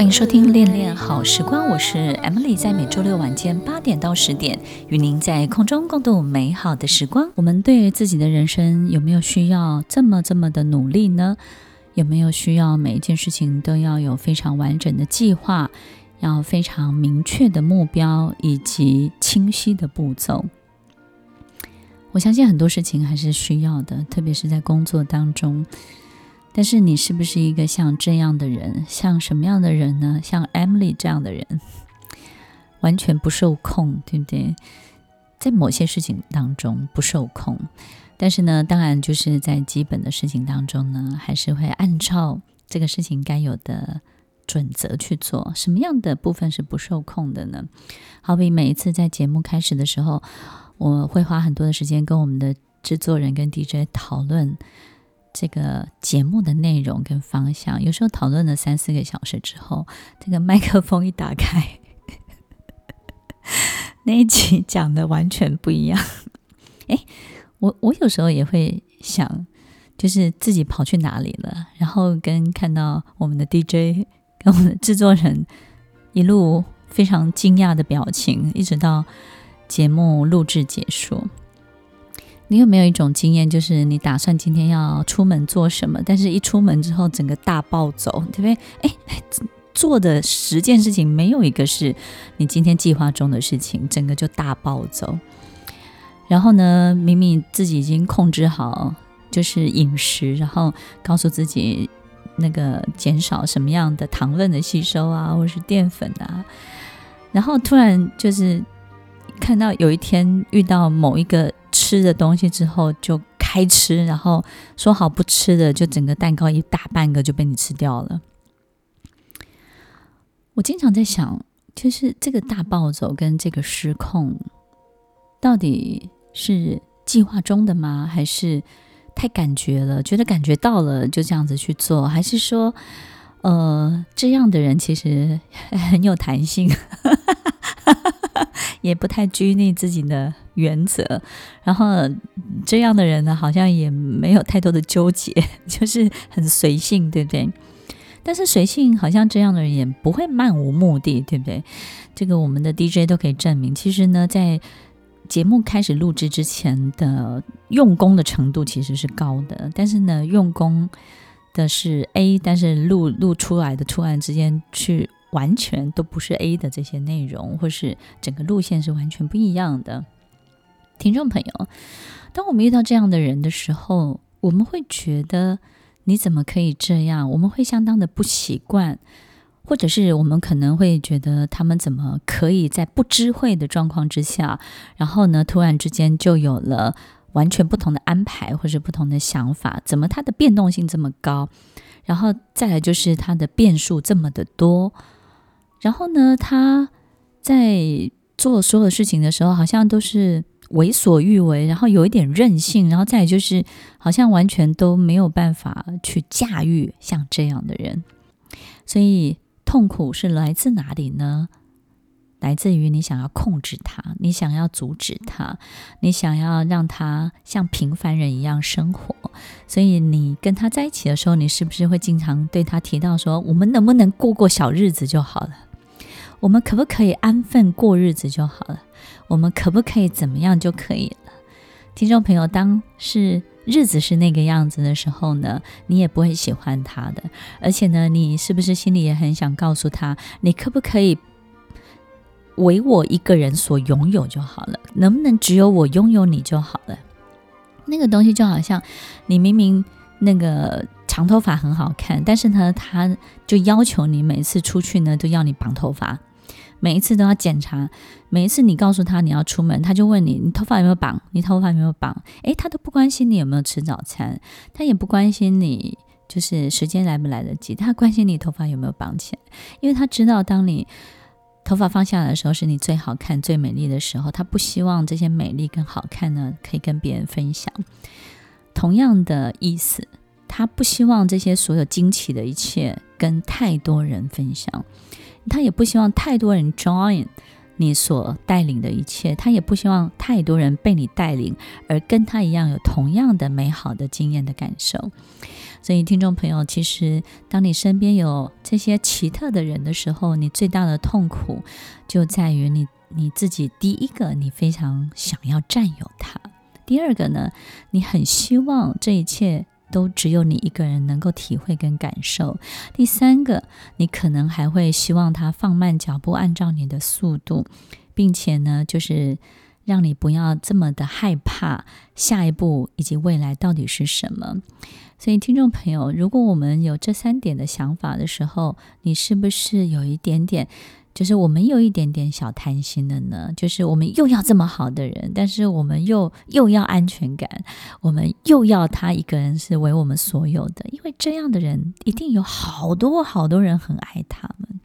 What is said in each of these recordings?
歡迎收聽《戀戀好時光》，我是 Emily，在每周六晚間八點到十點，與您在空中共度美好的時光。我們對於自己的人生有沒有需要這麼這麼的努力呢？有沒有需要每一件事情都要有非常完整的計劃，要非常明確的目標，以及清晰的步驟？我相信很多事情還是需要的，特別是在工作當中。但是你是不是一個像這樣的人？像什麼樣的人呢？像 Emily 這樣的人，完全不受控，對不對？在某些事情當中不受控，但是呢，當然就是在基本的事情當中呢，還是會按照這個事情該有的準則去做。什麼樣的部分是不受控的呢？好比每一次在節目開始的時候，我會花很多的時間跟我們的製作人跟 DJ 討論。這個節目的內容跟方向，有時候討論了三四個小時之後，這個麥克風一打開， 那一集講的完全不一樣。哎，我我有時候也會想，就是自己跑去哪裡了，然後跟看到我們的 DJ 跟我們的製作人一路非常驚訝的表情，一直到節目錄製結束。你有沒有一種經驗，就是你打算今天要出門做什麼，但是一出門之後，整個大暴走，特別哎，做的十件事情沒有一個是你今天計劃中的事情，整個就大暴走。然後呢，明明自己已經控制好就是飲食，然後告訴自己那個減少什麼樣的糖分的吸收啊，或是澱粉啊，然後突然就是看到有一天遇到某一個吃的東西之後就開吃，然後說好不吃的，就整個蛋糕一大半個就被你吃掉了。我經常在想，就是這個大暴走跟這個失控，到底是計劃中的嗎？還是太感覺了，覺得感覺到了就這樣子去做？還是說，呃，這樣的人其實很有彈性。 也不太拘泥自己的原則，然後這樣的人呢，好像也沒有太多的糾結，就是很隨性，對不對？但是隨性好像這樣的人也不會漫無目的，對不對？這個我們的 DJ 都可以證明。其實呢，在節目開始錄制之前的用功的程度其實是高的，但是呢，用功的是 A，但是錄錄出來的突然之間去。完全都不是 A 的這些內容，或是整個路線是完全不一樣的。聽眾朋友，當我們遇到這樣的人的時候，我們會覺得，你怎麼可以這樣？我們會相當的不習慣，或者是我們可能會覺得他們怎麼可以在不知會的狀況之下，然後呢，突然之間就有了完全不同的安排，或者是不同的想法？怎麼他的變動性這麼高？然後再來就是他的變數這麼的多。然後呢，他在做所有事情的時候，好像都是為所欲為，然後有一點任性，然後再就是好像完全都沒有辦法去駕馭像這樣的人，所以痛苦是來自哪裡呢？來自於你想要控制他，你想要阻止他，你想要讓他像平凡人一樣生活，所以你跟他在一起的時候，你是不是會經常對他提到說，我們能不能過過小日子就好了？我們可不可以安分過日子就好了？我們可不可以怎麼樣就可以了？聽眾朋友，當是日子是那個樣子的時候呢，你也不會喜歡他的。而且呢，你是不是心裡也很想告訴他，你可不可以為我一個人所擁有就好了？能不能只有我擁有你就好了？那個東西就好像你明明那個長頭髮很好看，但是呢，他就要求你每次出去呢都要你綁頭髮。每一次都要檢查，每一次你告訴他你要出門，他就問你：你頭髮有沒有綁？你頭髮有沒有綁？誒，他都不關心你有沒有吃早餐，他也不關心你就是時間來不來得及，他關心你頭髮有沒有綁起來，因為他知道，當你頭髮放下來的時候，是你最好看、最美麗的時候。他不希望這些美麗跟好看呢，可以跟別人分享。同樣的意思，他不希望這些所有驚奇的一切跟太多人分享。他也不希望太多人 join 你所帶領的一切，他也不希望太多人被你帶領，而跟他一樣有同樣的美好的經驗的感受。所以，聽眾朋友，其實當你身邊有這些奇特的人的時候，你最大的痛苦就在於你你自己：第一個，你非常想要佔有他；第二個呢，你很希望這一切。都只有你一個人能夠體會跟感受。第三個，你可能還會希望他放慢腳步，按照你的速度，並且呢，就是讓你不要這麼的害怕下一步以及未來到底是什麼。所以，聽眾朋友，如果我們有這三點的想法的時候，你是不是有一點點？就是我們有一點點小貪心的呢，就是我們又要這麼好的人，但是我們又又要安全感，我們又要他一個人是為我們所有的，因為這樣的人一定有好多好多人很愛他們，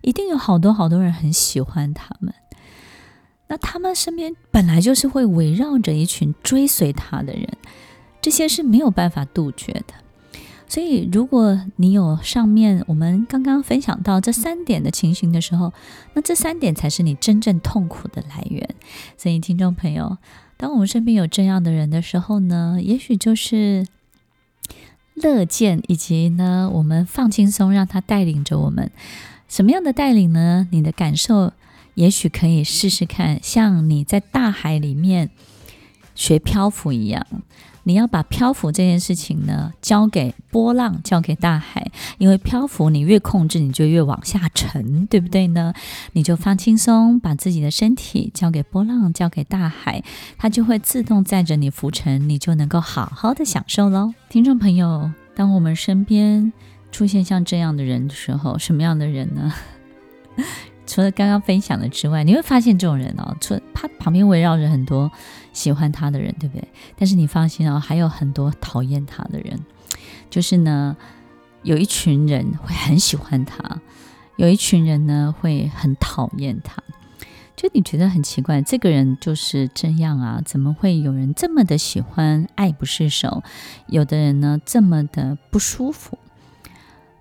一定有好多好多人很喜歡他們，那他們身邊本來就是會圍繞着一群追隨他的人，這些是沒有辦法杜絕的。所以，如果你有上面我們剛剛分享到這三點的情形的時候，嗯、那這三點才是你真正痛苦的來源。所以，聽眾朋友，當我們身邊有這樣的人的時候呢，也許就是樂見，以及呢，我們放輕鬆，讓他帶領着我們。什麼樣的帶領呢？你的感受，也許可以試試看，像你在大海裡面學漂浮一樣。你要把漂浮這件事情呢，交給波浪，交給大海，因為漂浮你越控制，你就越往下沉，對不對呢？你就放輕鬆，把自己的身體交給波浪，交給大海，它就會自動載着你浮沉，你就能夠好好的享受嘍。聽眾朋友，當我們身邊出現像這樣的人的時候，什麼樣的人呢？除了剛剛分享的之外，你會發現這種人哦，除了他旁邊圍繞着很多。喜歡他的人，對不對？但是你放心啊、哦，還有很多討厭他的人。就是呢，有一群人會很喜歡他，有一群人呢會很討厭他。就你覺得很奇怪，這個人就是這樣啊？怎麼會有人這麼的喜歡，愛不釋手？有的人呢這麼的不舒服？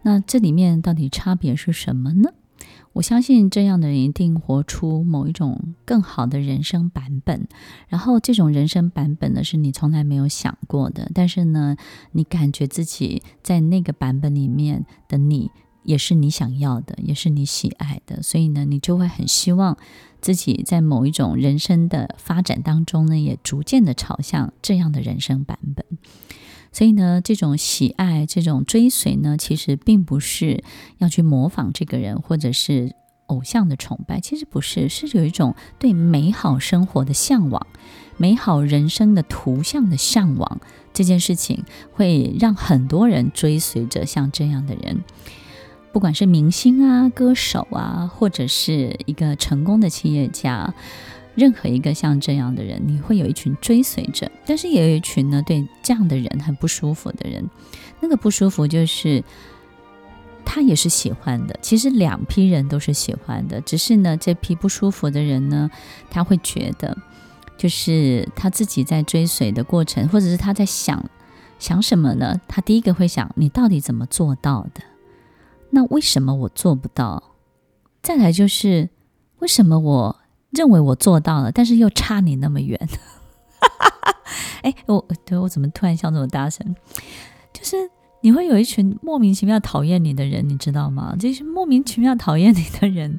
那這裡面到底差別是什麼呢？我相信這樣的人一定活出某一種更好的人生版本，然後這種人生版本呢，是你從來沒有想過的。但是呢，你感覺自己在那個版本裡面的你，也是你想要的，也是你喜愛的。所以呢，你就會很希望自己在某一種人生的發展當中呢，也逐漸的朝向這樣的人生版本。所以呢，這種喜愛、這種追隨呢，其實並不是要去模仿這個人，或者是偶像的崇拜，其實不是，是有一種對美好生活的嚮往、美好人生的圖像的嚮往。這件事情會讓很多人追隨着像這樣的人，不管是明星啊、歌手啊，或者是一個成功的企業家。任何一個像這樣的人，你會有一群追隨者，但是也有一群呢對這樣的人很不舒服的人。那個不舒服就是他也是喜歡的，其實兩批人都是喜歡的，只是呢這批不舒服的人呢，他會覺得就是他自己在追隨的過程，或者是他在想想什麼呢？他第一個會想你到底怎麼做到的？那為什麼我做不到？再來就是為什麼我？認為我做到了，但是又差你那麼遠。 哎，我對我怎麼突然笑這麼大聲？就是你會有一群莫名其妙討厭你的人，你知道嗎？就是莫名其妙討厭你的人，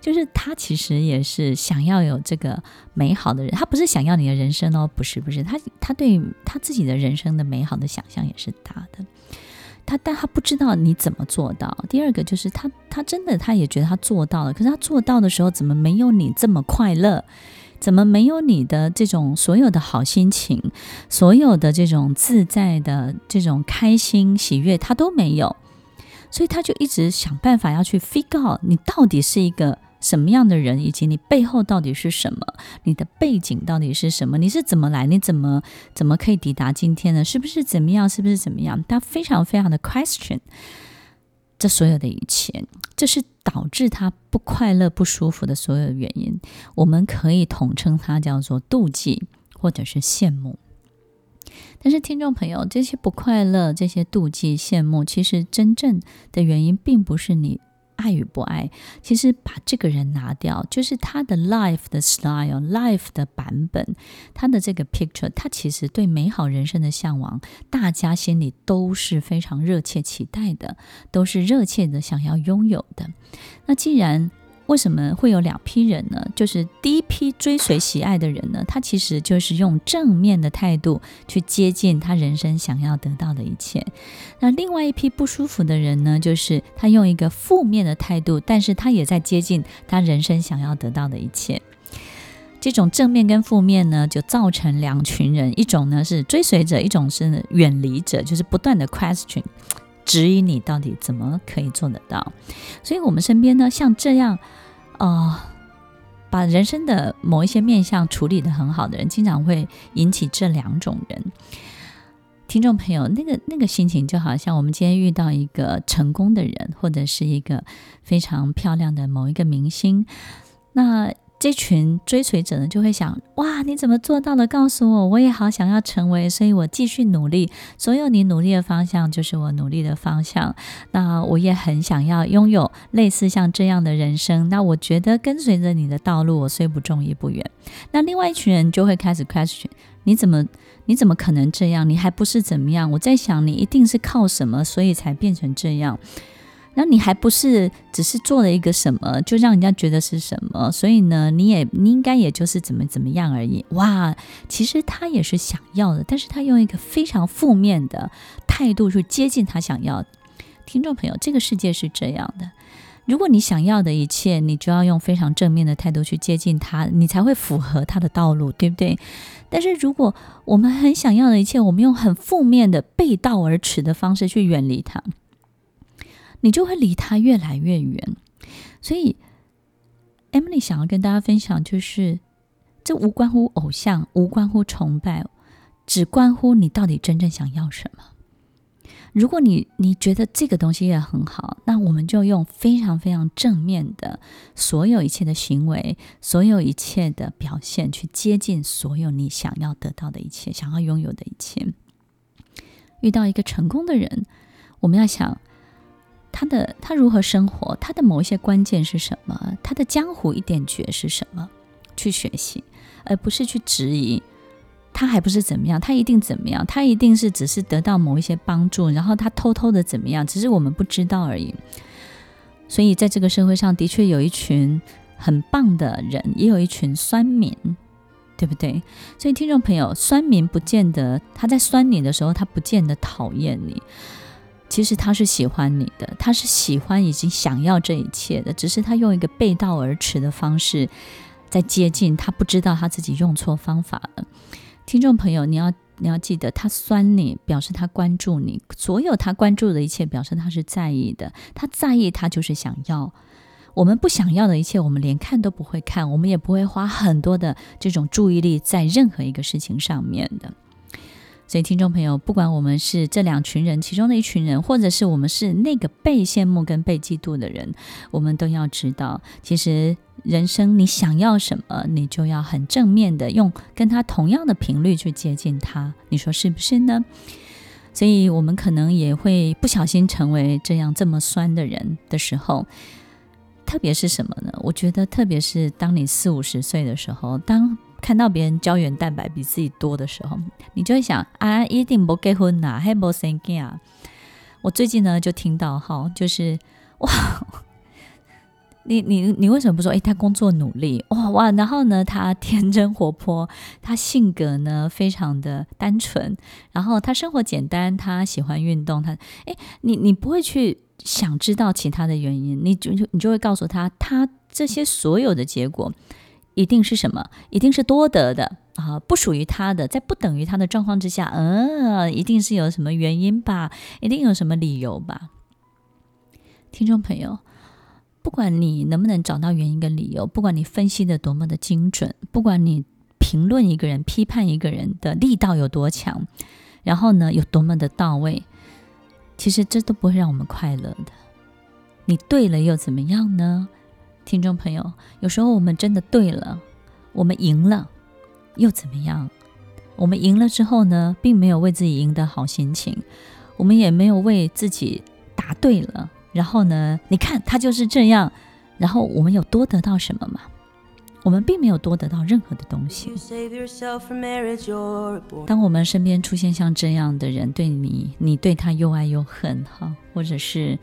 就是他其實也是想要有這個美好的人，他不是想要你的人生哦，不是不是，他他對他自己的人生的美好的想象也是大的。他，但他不知道你怎麼做到。第二個就是他，他真的他也覺得他做到了，可是他做到的時候，怎麼沒有你這麼快樂？怎麼沒有你的這種所有的好心情，所有的這種自在的這種開心喜悅，他都沒有。所以他就一直想辦法要去 figure out 你到底是一個。什麼樣的人，以及你背後到底是什麼？你的背景到底是什麼？你是怎麼來？你怎麼怎麼可以抵達今天呢？是不是怎麼樣？是不是怎麼樣？他非常非常的 question 這所有的一切，這是導致他不快樂、不舒服的所有原因。我們可以統稱它叫做妒忌或者是羨慕。但是，聽眾朋友，這些不快樂、這些妒忌、羨慕，其實真正的原因並不是你。愛與不愛，其實把這個人拿掉，就是他的 life 的 style，life 的版本，他的這個 picture，他其實對美好人生的向往，大家心裡都是非常熱切期待的，都是熱切的想要擁有的。那既然為什麼會有兩批人呢？就是第一批追隨喜愛的人呢，他其實就是用正面的態度去接近他人生想要得到的一切；那另外一批不舒服的人呢，就是他用一個負面的態度，但是他也在接近他人生想要得到的一切。這種正面跟負面呢，就造成兩群人：一種呢是追隨者，一種是遠離者，就是不斷的 question，質疑你到底怎麼可以做得到。所以我們身邊呢，像這樣。哦，把人生的某一些面向處理得很好的人，經常會引起這兩種人，聽眾朋友，那個那個心情就好像我們今天遇到一個成功的人，或者是一個非常漂亮的某一個明星，那。這群追隨者呢，就會想：哇，你怎麼做到的？告訴我，我也好想要成為，所以我繼續努力。所有你努力的方向，就是我努力的方向。那我也很想要擁有類似像這樣的人生。那我覺得跟隨着你的道路，我雖不中，亦不遠。那另外一群人就會開始 question：你怎麼？你怎麼可能這樣？你還不是怎麼樣？我在想，你一定是靠什麼，所以才變成這樣。那你還不是只是做了一個什麼，就讓人家覺得是什麼？所以呢，你也你應該也就是怎麼怎麼樣而已。哇，其實他也是想要的，但是他用一個非常負面的態度去接近他想要。聽眾朋友，這個世界是這樣的：如果你想要的一切，你就要用非常正面的態度去接近他，你才會符合他的道路，對不對？但是如果我們很想要的一切，我們用很負面的背道而馳的方式去遠離他。你就會離他越來越遠，所以 Emily 想要跟大家分享，就是這無關乎偶像，無關乎崇拜，只關乎你到底真正想要什麼。如果你你覺得這個東西也很好，那我們就用非常非常正面的所有一切的行為，所有一切的表現，去接近所有你想要得到的一切，想要擁有的一切。遇到一個成功的人，我們要想。他的他如何生活？他的某一些關鍵是什麼？他的江湖一點訣是什麼？去學習，而不是去質疑。他還不是怎麼樣？他一定怎麼樣？他一定是只是得到某一些幫助，然後他偷偷的怎麼樣？只是我們不知道而已。所以在這個社會上的確有一群很棒的人，也有一群酸民，對不對？所以聽眾朋友，酸民不見得他在酸你的時候，他不見得討厭你。其實他是喜歡你的，他是喜歡以及想要這一切的，只是他用一個背道而馳的方式在接近，他不知道他自己用錯方法了。聽眾朋友，你要你要記得，他酸你，表示他關注你；所有他關注的一切，表示他是在意的。他在意，他就是想要。我們不想要的一切，我們連看都不會看，我們也不會花很多的這種注意力在任何一個事情上面的。所以，聽眾朋友，不管我們是這兩群人其中的一群人，或者是我們是那個被羨慕跟被嫉妒的人，我們都要知道，其實人生你想要什麼，你就要很正面的用跟他同樣的頻率去接近他。你說是不是呢？所以我們可能也會不小心成為這樣這麼酸的人的時候，特別是什麼呢？我覺得，特別是當你四五十歲的時候，當。看到別人膠原蛋白比自己多的時候，你就會想啊，一定不結婚吶、啊，還不生囡啊。我最近呢就聽到哈，就是哇，你你你為什麼不說？誒、欸，他工作努力，哇哇，然後呢，他天真活潑，他性格呢非常的單純，然後他生活簡單，他喜歡運動，他誒、欸，你你不會去想知道其他的原因，你就就你就會告訴他，他這些所有的結果。一定是什麼？一定是多得的啊，不屬於他的，在不等於他的狀況之下，嗯，一定是有什麼原因吧？一定有什麼理由吧？聽眾朋友，不管你能不能找到原因跟理由，不管你分析得多麼的精準，不管你評論一個人、批判一個人的力道有多強，然後呢，有多麼的到位，其實這都不會讓我們快樂的。你對了又怎麼樣呢？聽眾朋友，有時候我們真的對了，我們贏了，又怎麼樣？我們贏了之後呢，並沒有為自己贏得好心情，我們也沒有為自己答對了。然後呢？你看他就是這樣，然後我們有多得到什麼嗎？我們並沒有多得到任何的東西。當我們身邊出現像這樣的人，對你，你對他又愛又恨，哈，或者是。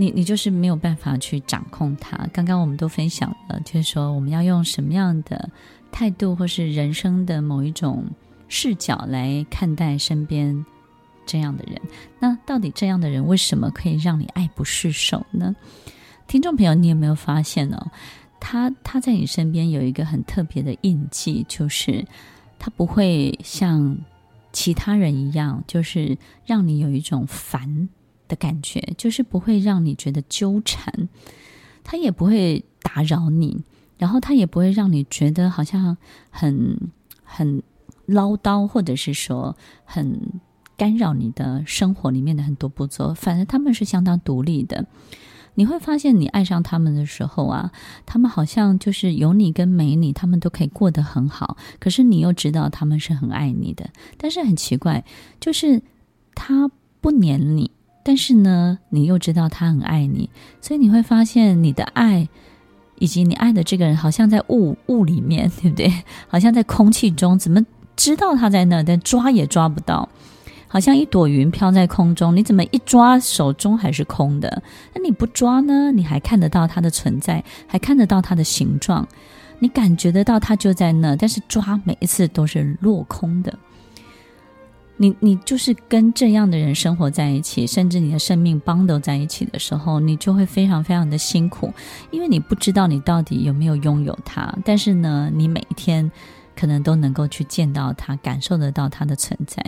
你你就是沒有辦法去掌控他。剛剛我們都分享了，就是說我們要用什麼樣的態度，或是人生的某一種視角來看待身邊這樣的人。那到底這樣的人為什麼可以讓你愛不釋手呢？聽眾朋友，你有沒有發現呢？他他在你身邊有一個很特別的印記，就是他不會像其他人一樣，就是讓你有一種煩。的感覺就是不會讓你覺得糾纏，他也不會打擾你，然後他也不會讓你覺得好像很很嘮叨，或者是說很干擾你的生活裡面的很多步驟。反正他們是相當獨立的。你會發現，你愛上他們的時候啊，他們好像就是有你跟沒你，他們都可以過得很好。可是你又知道他們是很愛你的，但是很奇怪，就是他不粘你。但是呢，你又知道他很愛你，所以你會發現你的愛，以及你愛的這個人，好像在霧霧裡面，對不對？好像在空氣中，怎麼知道他在那？但抓也抓不到，好像一朵雲飄在空中，你怎麼一抓手中還是空的？那你不抓呢？你還看得到它的存在，還看得到它的形狀，你感覺得到它就在那，但是抓每一次都是落空的。你你就是跟這樣的人生活在一起，甚至你的生命綁都在一起的時候，你就會非常非常的辛苦，因為你不知道你到底有沒有擁有他。但是呢，你每一天可能都能夠去見到他，感受得到他的存在。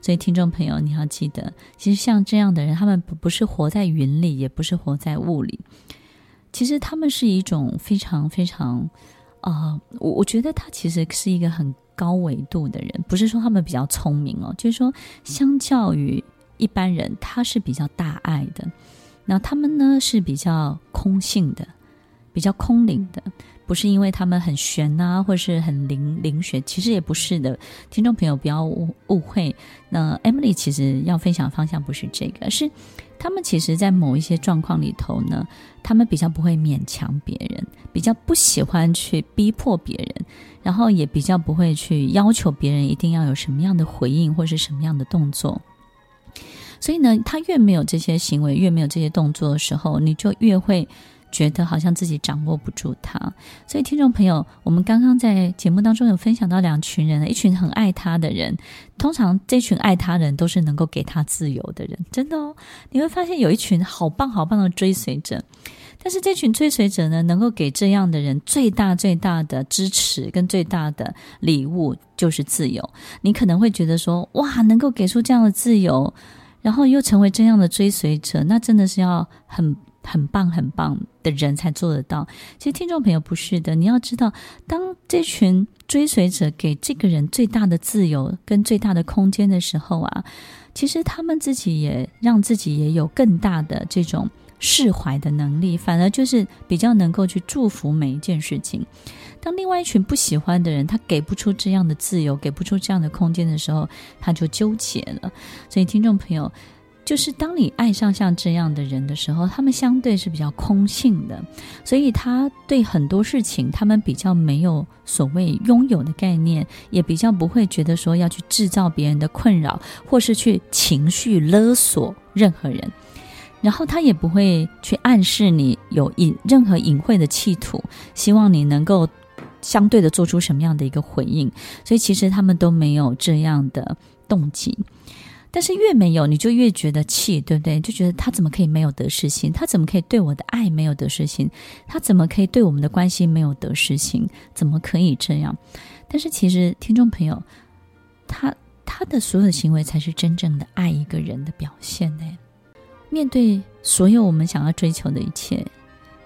所以，聽眾朋友，你要記得，其實像這樣的人，他們不不是活在雲裡，也不是活在霧裡，其實他們是一種非常非常，啊、呃，我我覺得他其實是一個很。高維度的人，不是說他們比較聰明哦，就是說，相較於一般人，他是比較大愛的。那他們呢，是比較空性的，比較空靈的。嗯。不是因為他們很玄吶、啊，或是很靈，靈學，其實也不是的，聽眾朋友不要誤誤會。那 Emily 其實要分享的方向不是這個，是他們其實在某一些狀況裡頭呢，他們比較不會勉強別人，比較不喜歡去逼迫別人，然後也比較不會去要求別人一定要有什麼樣的回應或是什麼樣的動作。所以呢，他越沒有這些行為，越沒有這些動作的時候，你就越會。覺得好像自己掌握不住他，所以聽眾朋友，我們剛剛在節目當中有分享到兩群人，一群很愛他的人，通常這群愛他人都是能夠給他自由的人，真的哦。你會發現有一群好棒好棒的追隨者，但是這群追隨者呢，能夠給這樣的人最大最大的支持跟最大的禮物就是自由。你可能會覺得說，哇，能夠給出這樣的自由，然後又成為這樣的追隨者，那真的是要很。很棒很棒的人才做得到。其實聽眾朋友，不是的，你要知道，當這群追隨者給這個人最大的自由跟最大的空間的時候啊，其實他們自己也讓自己也有更大的這種釋懷的能力，反而就是比較能夠去祝福每一件事情。當另外一群不喜歡的人，他給不出這樣的自由，給不出這樣的空間的時候，他就糾結了。所以聽眾朋友，就是當你愛上像這樣的人的時候，他們相對是比較空性的，所以他對很多事情他們比較沒有所謂擁有的概念，也比較不會覺得說要去制造別人的困擾，或是去情緒勒索任何人，然後他也不會去暗示你有隱任何隱晦的企圖，希望你能夠相對的做出什麼樣的一個回應，所以其實他們都沒有這樣的動機。但是越沒有，你就越覺得氣，對不對？就覺得他怎麼可以沒有得失心？他怎麼可以對我的愛沒有得失心？他怎麼可以對我們的關係沒有得失心？怎麼可以這樣？但是其實，聽眾朋友，他他的所有行為，才是真正的愛一個人的表現呢、哎。面對所有我們想要追求的一切，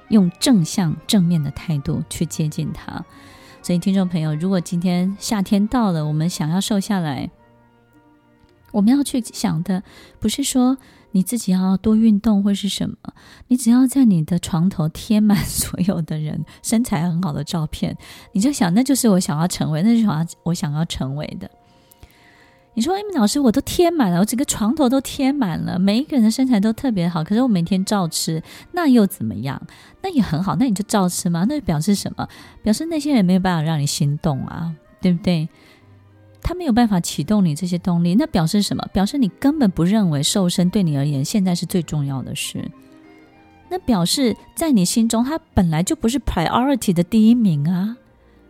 用正向正面的態度去接近他。所以，聽眾朋友，如果今天夏天到了，我們想要瘦下來。我們要去想的，不是說你自己要多運動或是什麼，你只要在你的床頭貼滿所有的人身材很好的照片，你就想那就是我想要成為，那就是我想要成為的。你說，艾美老師，我都貼滿了，我整個床頭都貼滿了，每一個人的身材都特別好，可是我每天照吃，那又怎麼樣？那也很好，那你就照吃嘛。那就表示什麼？表示那些人沒有辦法讓你心動啊，對不對？他沒有辦法啟動你這些動力，那表示什麼？表示你根本不認為瘦身對你而言現在是最重要的事。那表示在你心中，他本來就不是 priority 的第一名啊，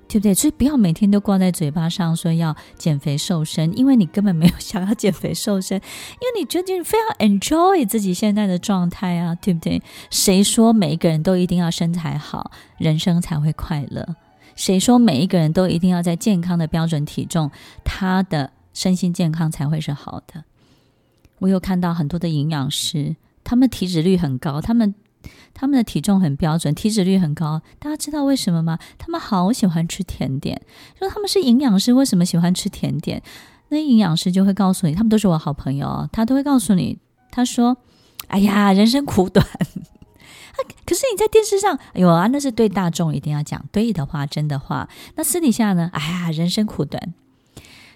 對不對？所以不要每天都掛在嘴巴上說要減肥瘦身，因為你根本沒有想要減肥瘦身，因為你究竟非常 enjoy 自己現在的狀態啊，對不對？誰說每一個人都一定要身材好，人生才會快樂？誰說每一個人都一定要在健康的標準體重，他的身心健康才會是好的？我有看到很多的營養師，他們體脂率很高，他們他們的體重很標準，體脂率很高。大家知道為什麼嗎？他們好喜歡吃甜點。說他們是營養師，為什麼喜歡吃甜點？那營養師就會告訴你，他們都是我好朋友，他都會告訴你。他說：“哎呀，人生苦短。”可是你在電視上，有、哎、啊，那是對大眾一定要講對的話、真的話。那私底下呢？哎呀，人生苦短。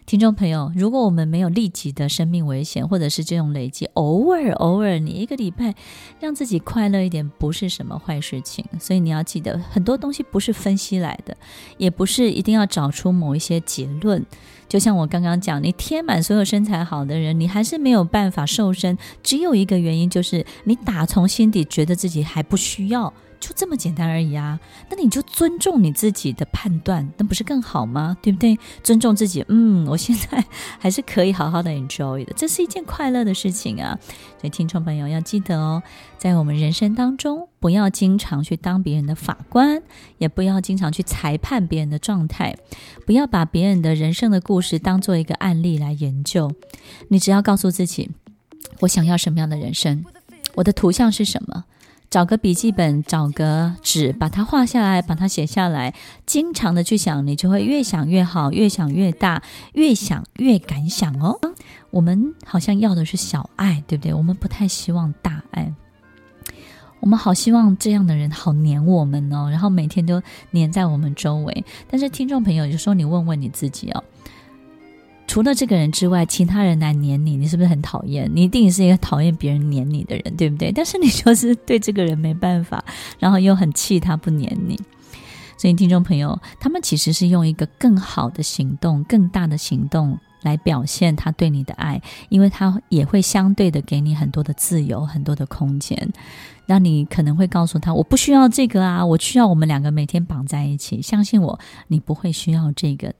聽眾朋友，如果我們沒有立即的生命危險，或者是這種累積，偶爾偶爾，你一個禮拜讓自己快樂一點，不是什麼壞事情。所以你要記得，很多東西不是分析來的，也不是一定要找出某一些結論。就像我剛剛講，你貼滿所有身材好的人，你還是沒有辦法瘦身。只有一個原因，就是你打從心底覺得自己還不需要。就這麼簡單而已啊！那你就尊重你自己的判斷，那不是更好嗎？對不對？尊重自己，嗯，我現在還是可以好好的 enjoy 的，這是一件快樂的事情啊！所以聽眾朋友要記得哦，在我們人生當中，不要經常去當別人的法官，也不要經常去裁判別人的狀態，不要把別人的人生的故事當做一個案例來研究。你只要告訴自己，我想要什麼樣的人生，我的圖像是什麼。找個筆記本，找個紙，把它畫下來，把它寫下來，經常的去想，你就會越想越好，越想越大，越想越敢想哦。我們好像要的是小愛，對不對？我們不太希望大愛，我們好希望這樣的人好黏我們哦，然後每天都黏在我們周圍。但是聽眾朋友，有時候你問問你自己哦。除了這個人之外，其他人來黏你，你是不是很討厭？你一定是一個討厭別人黏你的人，對不對？但是你就是對這個人沒辦法，然後又很氣他不黏你。所以聽眾朋友，他們其實是用一個更好的行動、更大的行動來表現他對你的愛，因為他也會相對的給你很多的自由、很多的空間。那你可能會告訴他：“我不需要這個啊，我需要我們兩個每天綁在一起。”相信我，你不會需要這個的。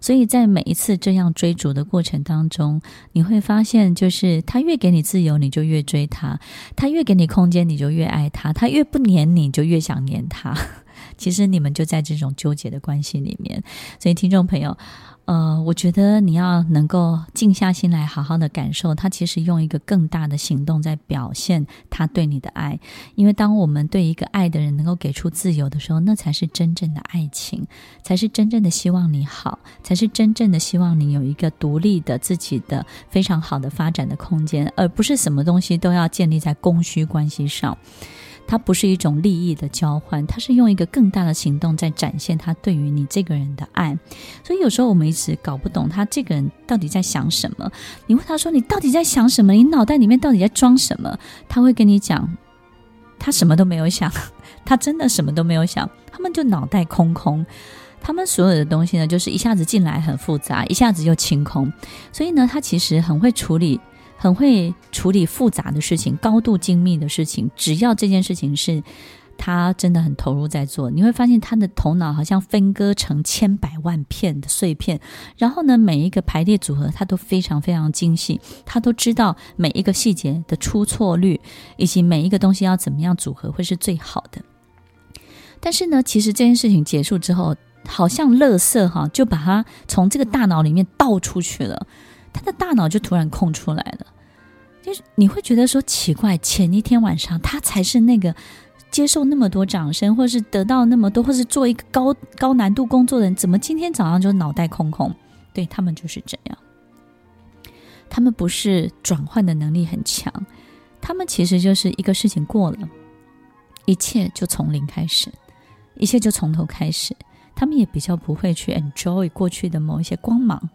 所以在每一次這樣追逐的過程當中，你會發現，就是他越給你自由，你就越追他；他越給你空間，你就越愛他；他越不黏你，你就越想黏他。其實你們就在這種糾結的關係裡面。所以，聽眾朋友。呃，我覺得你要能夠靜下心來，好好的感受，他其實用一個更大的行動在表現他對你的愛。因為當我們對一個愛的人能夠給出自由的時候，那才是真正的愛情，才是真正的希望你好，才是真正的希望你有一個獨立的自己的非常好的發展的空間，而不是什麼東西都要建立在供需關係上。它不是一種利益的交換，它是用一個更大的行動在展現他對於你這個人的愛。所以有時候我們一直搞不懂他這個人到底在想什麼。你問他說：“你到底在想什麼？你腦袋裡面到底在裝什麼？”他會跟你講：“他什麼都沒有想，他真的什麼都沒有想。他們就腦袋空空，他們所有的東西呢，就是一下子進來很複雜，一下子就清空。所以呢，他其實很會處理。”很會處理複雜的事情，高度精密的事情，只要這件事情是他真的很投入在做，你會發現他的頭腦好像分割成千百萬片的碎片，然後呢，每一個排列組合他都非常非常精細，他都知道每一個細節的出錯率，以及每一個東西要怎麼樣組合會是最好的。但是呢，其實這件事情結束之後，好像垃圾哈就把它從這個大腦裡面倒出去了。他的大腦就突然空出來了，就是你會覺得說奇怪，前一天晚上他才是那個接受那麼多掌聲，或是得到那麼多，或是做一個高高難度工作的人，怎麼今天早上就腦袋空空？對，他們就是這樣，他們不是轉換的能力很強，他們其實就是一個事情過了，一切就從零開始，一切就從頭開始，他們也比較不會去 enjoy 過去的某一些光芒。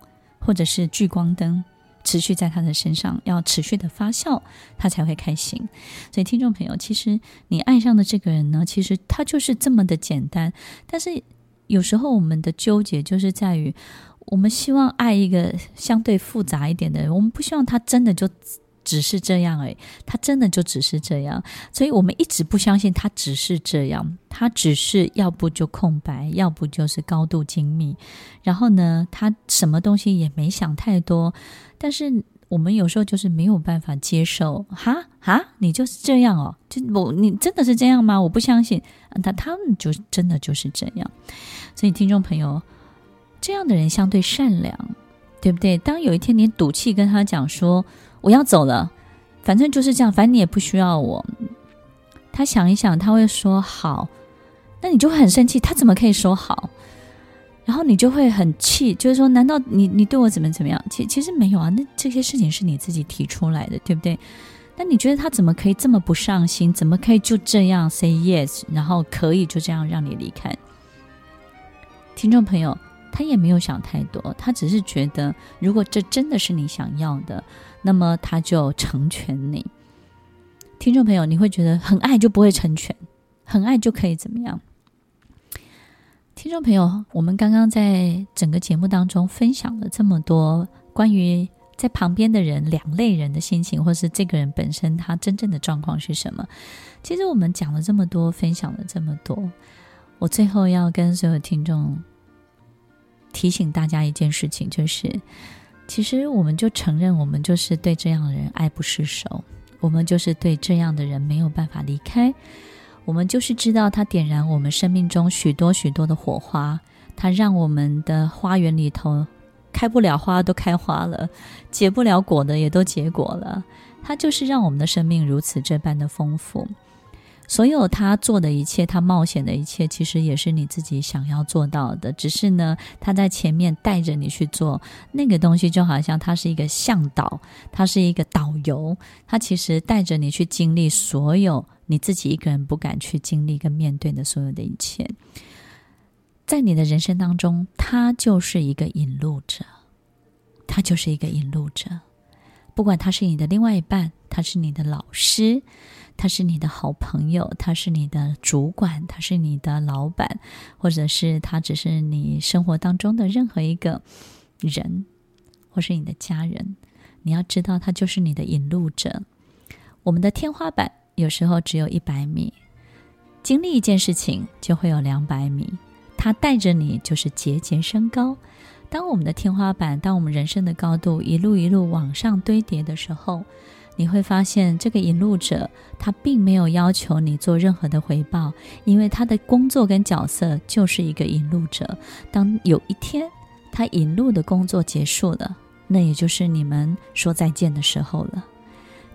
或者是聚光燈持續在他的身上，要持續的發酵，他才會開心。所以，聽眾朋友，其實你愛上的這個人呢，其實他就是這麼的簡單。但是，有時候我們的糾結就是在於，我們希望愛一個相對複雜一點的人，我們不希望他真的就。只是這樣哎，他真的就只是這樣，所以我們一直不相信他只是這樣。他只是要不就空白，要不就是高度精密。然後呢，他什麼東西也沒想太多，但是我們有時候就是沒有辦法接受，哈哈，你就是這樣哦，就我你真的是這樣嗎？我不相信，他他們就真的就是這樣。所以聽眾朋友，這樣的人相對善良，對不對？當有一天你賭氣跟他講說，我要走了，反正就是這樣，反正你也不需要我。他想一想，他會說好，那你就會很生氣。他怎麼可以說好？然後你就會很氣，就是說，難道你你對我怎麼怎麼樣？其實其實沒有啊，那這些事情是你自己提出來的，對不對？那你覺得他怎麼可以這麼不上心？怎麼可以就這樣 say yes，然後可以就這樣讓你離開？聽眾朋友，他也沒有想太多，他只是覺得，如果這真的是你想要的。那麼他就成全你。聽眾朋友，你會覺得很愛就不會成全，很愛就可以怎麼樣？聽眾朋友，我們剛剛在整個節目當中分享了這麼多關於在旁邊的人，兩類人的心情，或是這個人本身他真正的狀況是什麼？其實我們講了這麼多，分享了這麼多，我最後要跟所有聽眾提醒大家一件事情，就是。其實，我們就承認，我們就是對這樣的人愛不釋手；我們就是對這樣的人沒有辦法離開；我們就是知道他點燃我們生命中許多許多的火花，他讓我們的花園裡頭開不了花都開花了，結不了果的也都結果了。他就是讓我們的生命如此這般的豐富。所有他做的一切，他冒險的一切，其實也是你自己想要做到的。只是呢，他在前面帶着你去做那個東西，就好像他是一個向導，他是一個導遊，他其實帶着你去經歷所有你自己一個人不敢去經歷跟面對的所有的一切。在你的人生當中，他就是一個引路者，他就是一個引路者。不管他是你的另外一半，他是你的老師。他是你的好朋友，他是你的主管，他是你的老闆，或者是他只是你生活當中的任何一個人，或是你的家人。你要知道，他就是你的引路者。我們的天花板有時候只有一百米，經歷一件事情就會有兩百米。他帶着你，就是節節升高。當我們的天花板，當我們人生的高度一路一路往上堆疊的時候。你會發現，這個引路者，他並沒有要求你做任何的回報，因為他的工作跟角色就是一個引路者。當有一天他引路的工作結束了，那也就是你們說再見的時候了。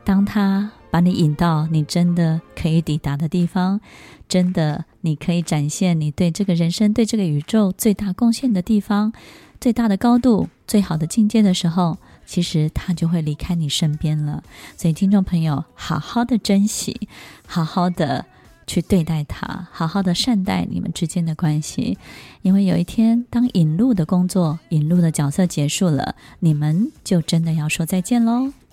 當他把你引到你真的可以抵達的地方，真的你可以展現你對這個人生、對這個宇宙最大貢獻的地方、最大的高度、最好的境界的時候。其實他就會離開你身邊了，所以聽眾朋友，好好的珍惜，好好的去對待他，好好的善待你們之間的關係，因為有一天，當引路的工作、引路的角色結束了，你們就真的要說再見嘍。